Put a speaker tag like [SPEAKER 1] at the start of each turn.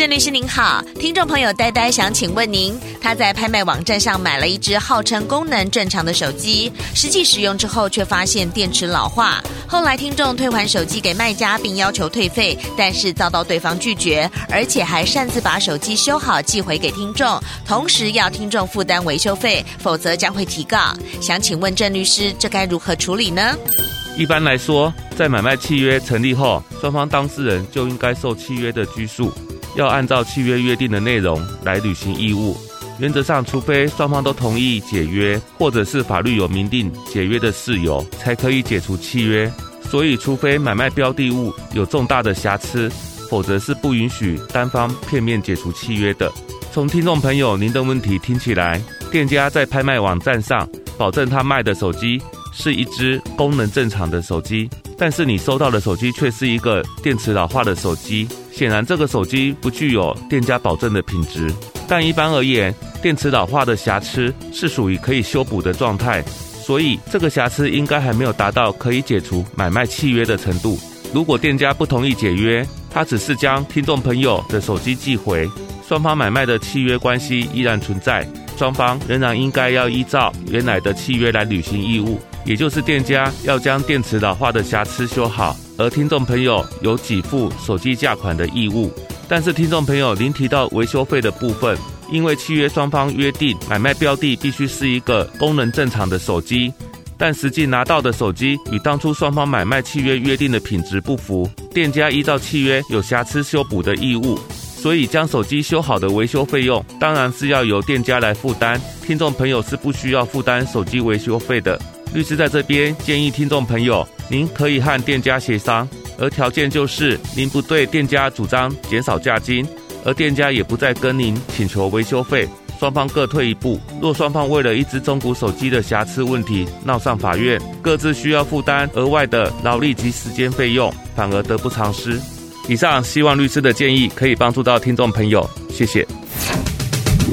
[SPEAKER 1] 鄭律師您好，聽眾朋友呆呆想請問您，他在拍賣網站上買了一支號稱功能正常的手機，實際使用之後卻發現電池老化。後來，聽眾退還手機給賣家，並要求退費，但是遭到對方拒絕，而且還擅自把手機修好寄回給聽眾，同時要聽眾負擔維修費，否則將會提告。想請問鄭律師，這該如何處理呢？
[SPEAKER 2] 一般來說，在買賣契約成立後，雙方當事人就應該受契約的拘束。要按照契約約定的內容來履行義務，原則上，除非雙方都同意解約，或者是法律有明定解約的事由，才可以解除契約。所以，除非買賣標的物有重大的瑕疵，否則是不允許單方片面解除契約的。從聽眾朋友您的問題聽起來，店家在拍賣網站上保證他賣的手機是一支功能正常的手機，但是你收到的手機卻是一個電池老化的手機。顯然，這個手機不具有店家保證的品質。但一般而言，電池老化的瑕疵是屬於可以修補的狀態，所以這個瑕疵應該還沒有達到可以解除買賣契約的程度。如果店家不同意解約，他只是將聽眾朋友的手機寄回，雙方買賣的契約關係依然存在，雙方仍然應該要依照原來的契約來履行義務。也就是店家要將電池老化的瑕疵修好，而聽眾朋友有給付手機價款的義務。但是聽眾朋友您提到維修費的部分，因為契約雙方約定買賣標的必須是一個功能正常的手機，但實際拿到的手機與當初雙方買賣契約約定的品質不符，店家依照契約有瑕疵修補的義務，所以將手機修好的維修費用當然是要由店家來負擔。聽眾朋友是不需要負擔手機維修費的。律師在這邊建議聽眾朋友，您可以和店家協商，而條件就是您不對店家主張減少價金，而店家也不再跟您請求維修費，雙方各退一步。若雙方為了一只中古手機的瑕疵問題鬧上法院，各自需要負擔額外的勞力及時間費用，反而得不償失。以上希望律師的建議可以幫助到聽眾朋友，謝謝。